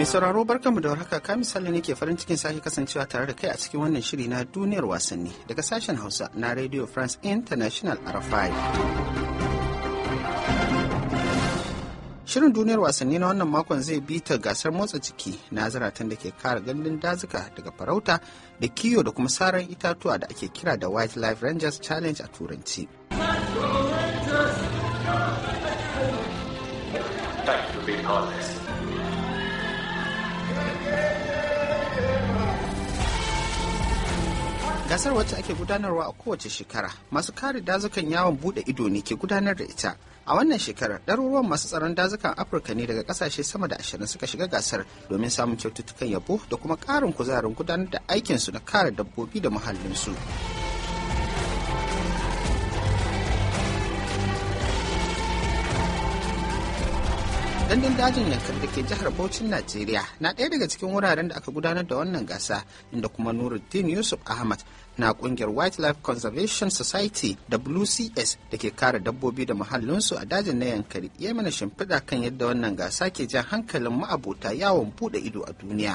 Mai sauraro barkanmu da warhaka ka misali ne ke farin cikin sake kasancewa tare da kai a cikin wannan shiri na duniyar wasanni daga sashen Hausa na Radio France International RFI. Shirin duniyar wasanni na wannan makon zai bi ta gasar motsa jiki na zaratan da ke kare gandun dazuka daga farauta da kiyo da kuma saran itatuwa da ake kira da Wildlife Rangers Challenge a Turanci. Thank you, gasar wacce ake gudanarwa a kowace shekara masu kare dazukan yawon bude ido ne ke gudanar da ita a wannan shekarar ɗaruruwan masu tsaron dazukan afirka ne daga ƙasashe sama da ashirin suka shiga gasar domin samun kyaututtukan yabo da kuma ƙarin kuzarin gudanar da aikinsu na kare dabbobi da muhallinsu. su Gandun dajin yankar da ke jihar Bauchin Najeriya na ɗaya daga cikin wuraren da aka gudanar da wannan gasa inda kuma Nuruddin Yusuf Ahmad na kungiyar Wildlife Conservation Society WCS da ke kare dabbobi da muhallinsu a dajin na yankari ya mana shimfiɗa kan yadda wannan gasa ke jan hankalin ma'abota yawon buɗe ido a duniya.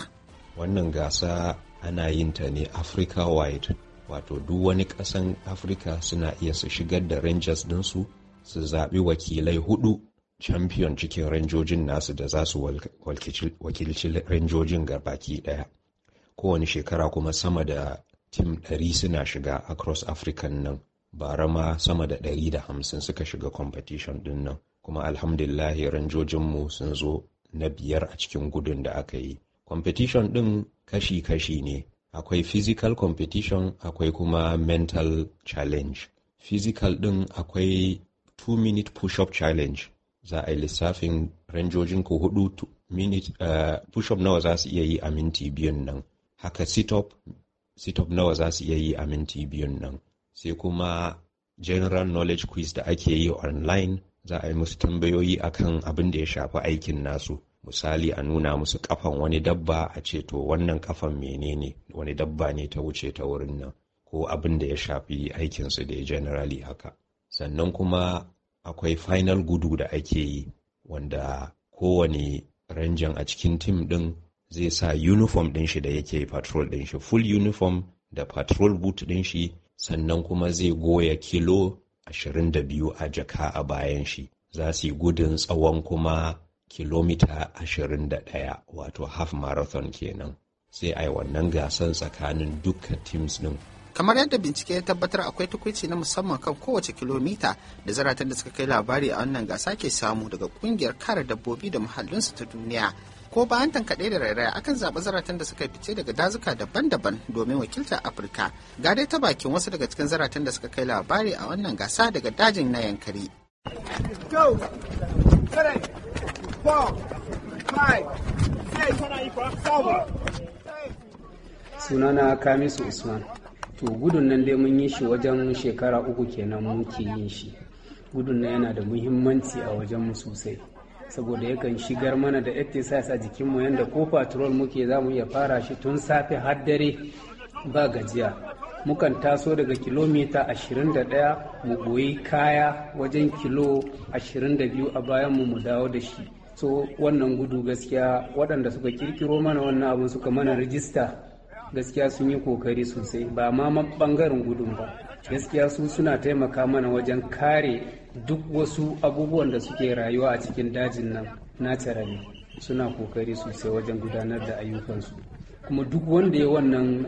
Wannan gasa ana yin ta ne Africa wide wato duk wani kasan Afirka suna iya su shigar da rangers ɗinsu su zaɓi wakilai hudu Champion cikin ranjojin nasu da za su wakilci ga baki daya kowane shekara kuma sama da tim 100 suna shiga across africa nan bara ma sama da 150 suka shiga competition din nan kuma alhamdulillahi ranjojinmu sun zo na biyar a cikin gudun da aka yi competition din kashi-kashi ne akwai physical competition akwai kuma mental challenge physical din akwai 2 minute push-up challenge za a yi lissafin ranjojin ku hudu minute uh, push up nawa za su iya yi a minti biyun nan haka sit up nawa za su iya yi a minti biyun nan sai kuma general knowledge quiz da ake yi online za a yi musu tambayoyi akan abin da ya shafi aikin nasu misali a nuna musu kafan wani dabba a ce to wannan kafan menene wani dabba ne ta wuce ta wurin nan ko abin da ya shafi aikinsu da ya generally haka sannan kuma akwai final gudu da ake yi wanda kowane ranjan a cikin tim ɗin zai sa uniform ɗin shi da yake patrol ɗin shi full uniform da patrol boot ɗin shi sannan kuma zai goya kilo 22 a jaka a bayan shi za su yi gudun tsawon kuma kilomita 21 wato half marathon kenan sai a yi wannan gasan tsakanin duka teams ɗin kamar yadda bincike ya tabbatar akwai tukwici na musamman kan kowace kilomita da zaratan da suka kai labari a wannan gasa ke samu daga kungiyar kare dabbobi da muhallinsu ta duniya ko bayan tankaɗe da rairaya akan zaɓi zaratan da suka fice daga dazuka daban-daban domin wakiltar afirka ga dai ta bakin wasu daga cikin zaratan da suka kai labari a wannan gasa daga dajin na yankari sunana kamisu usman to gudun nan dai mun yi shi wajen shekara uku kenan muke yin shi gudun nan yana da muhimmanci a wajen mu sosai saboda yakan shigar mana da exercise a jikinmu yadda ko patrol muke za mu iya fara shi tun safe har dare ba gajiya mukan taso daga kilomita 21 mu goyi kaya wajen kilo 22 a bayanmu mu dawo da shi so wannan gudu gaskiya waɗanda suka kirkiro mana wannan abin suka mana rijista gaskiya sun yi kokari sosai ba ma bangaren gudun ba gaskiya su suna taimaka mana wajen kare duk wasu abubuwan da suke rayuwa a cikin dajin nan na tarare suna kokari sosai wajen gudanar da ayyukansu kuma duk wanda ya wannan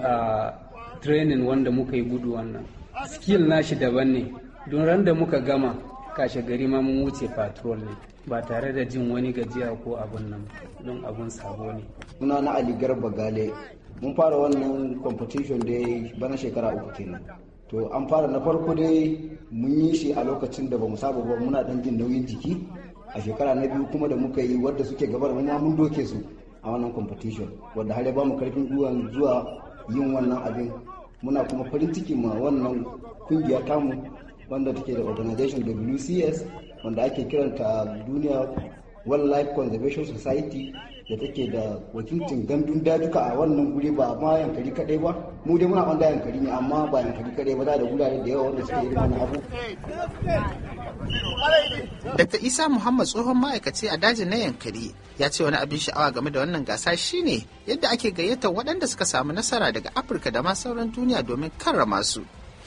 training wanda muka yi gudu wannan skill nashi daban ne don ran da muka gama kashe gari ma mun wuce patrol ne ba tare da jin wani gajiya ko abun nan don abun sabo ne. Muna na Ali Garba Gale mun fara wannan competition dai bana shekara uku kenan to an fara na farko dai mun yi shi a lokacin da bamu saba ba muna dan jin nauyin jiki a shekara na biyu kuma da muka yi wadda suke gabar mu mun doke su a wannan competition wadda har ya bamu karfin gwiwa zuwa yin wannan abin muna kuma farin ciki ma wannan kungiya tamu wanda take da organization WCS wanda ake kiranta duniya wildlife conservation society da take da wakilcin gandun dajuka a wannan guri ba ma yankari kadai ba mu dai muna wanda yankari ne amma ba yankari kadai ba za da gurare da yawa wanda suke yi wannan abu Dr. Isa Muhammad tsohon ma'aikaci a dajin na yankari ya ce wani abin sha'awa game da wannan gasa shine yadda ake gayyatar waɗanda suka samu nasara daga Afirka da ma sauran duniya domin karrama su.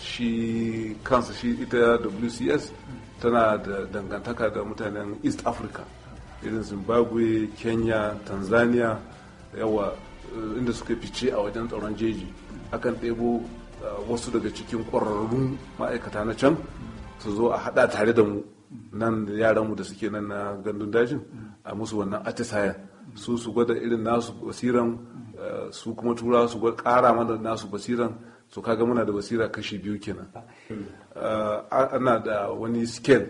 Shi kansa shi ita WCS tana da dangantaka da mutanen East Africa. irin zimbabwe kenya tanzania yawa eh, inda suka fice a wajen tsaron jeji akan ɗebo eh, wasu daga cikin ƙwararrun ma'aikata na can su zo a haɗa tare da mu nan da yaranmu da suke nan na gandun dajin a musu wannan atisayen su su gwada irin nasu basiran eh, su kuma tura su ƙara mana nasu basiran su kaga muna da basira kashi biyu kenan ana da wani scale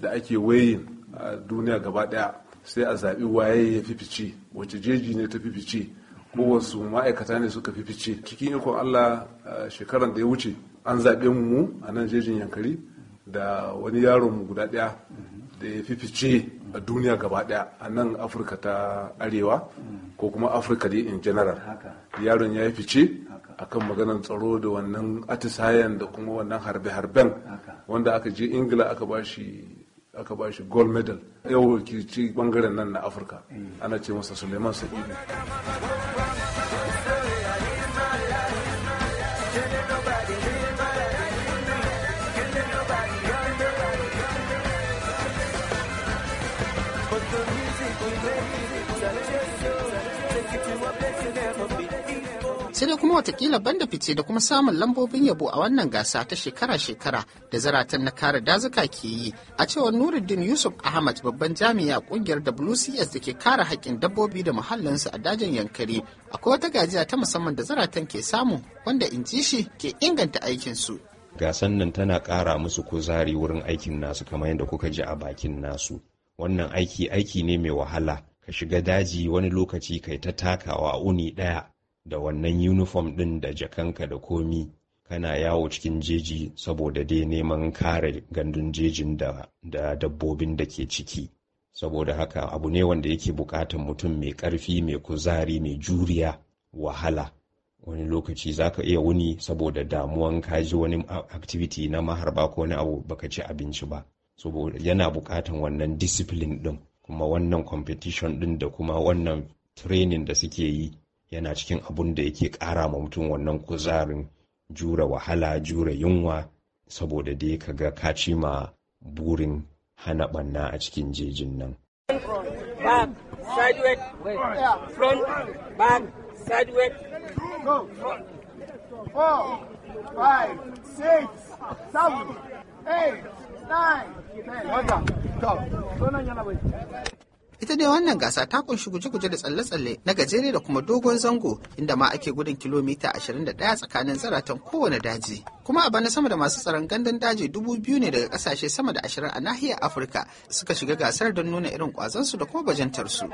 da ake wayin a duniya gaba daya sai a zaɓi waye ya fi fice wace jeji ne ta fi fice ko wasu ma'aikata ne suka fi fice cikin ikon allah shekaran da ya wuce an zaɓe mu a nan jejin yankari da wani yaron mu guda daya da ya fi fice a duniya gaba daya a nan afirka ta arewa ko kuma afirka dai in general yaron ya fice akan maganar tsaro da wannan atisayen da kuma wannan harbe-harben wanda aka je ingila aka ba shi aka ba shi gold medal yau wakilci bangaren nan na afirka ana ce masa suleiman sa'idu to a you sai dai kuma watakila banda fice da kuma samun lambobin yabo a wannan gasa ta shekara-shekara da zaratan na kare dazuka ke yi a cewar nuruddin yusuf ahmad babban jami'a kungiyar wcs da ke kare haƙƙin dabbobi da muhallinsu a dajin yankari akwai wata gajiya ta musamman da zaratan ke samu wanda in ji shi ke inganta aikin su gasan nan tana kara musu kuzari wurin aikin nasu kamar yadda kuka ji a bakin nasu wannan aiki aiki ne mai wahala ka shiga daji wani lokaci kai ta takawa a uni ɗaya da wannan uniform ɗin da jakanka da komi kana yawo cikin jeji saboda dai neman kare gandun jejin da, dabbobin da ke ciki saboda haka abu ne wanda yake buƙatar mutum mai ƙarfi mai kuzari mai juriya wahala wani lokaci za ka iya wuni saboda damuwan kaji wani activity na maharba ko wani abu baka ci abinci ba saboda yana buƙatan wannan discipline ɗin kuma wannan competition ɗin da kuma wannan training da suke yi yana cikin abun da yake ƙara ma mutum wannan kuzarin jure wahala jure yunwa saboda dai ka ga ka ma burin hana ɓanna a cikin jejin nan. Five, six, eight, nine, ten. Ita dai wannan gasa ta kunshi guje-guje da tsalle-tsalle na gajere da kuma dogon zango inda ma ake gudun kilomita 21 tsakanin zaratan kowane daji. Kuma a bana sama da masu tsaron gandun daji dubu biyu ne daga kasashe sama da ashirin a nahiyar Afirka suka shiga gasar don nuna irin kwazansu da kuma bajantarsu.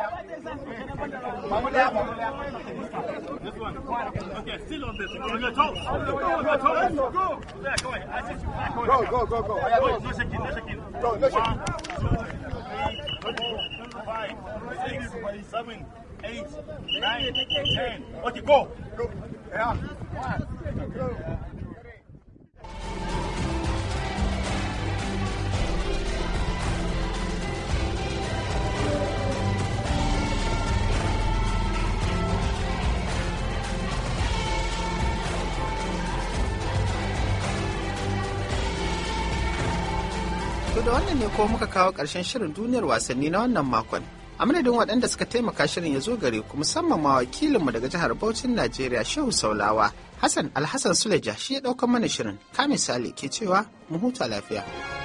Go, go, go, go. seven, da wannan ne ko muka kawo ƙarshen shirin duniyar wasanni na wannan makon a madadin waɗanda suka taimaka shirin ya zo gare ku musamman ma wakilinmu daga jihar Bauchin Najeriya Shehu Saulawa Hassan Alhassan Suleja shi ya ɗaukar mana shirin ka misali ke cewa mu huta lafiya.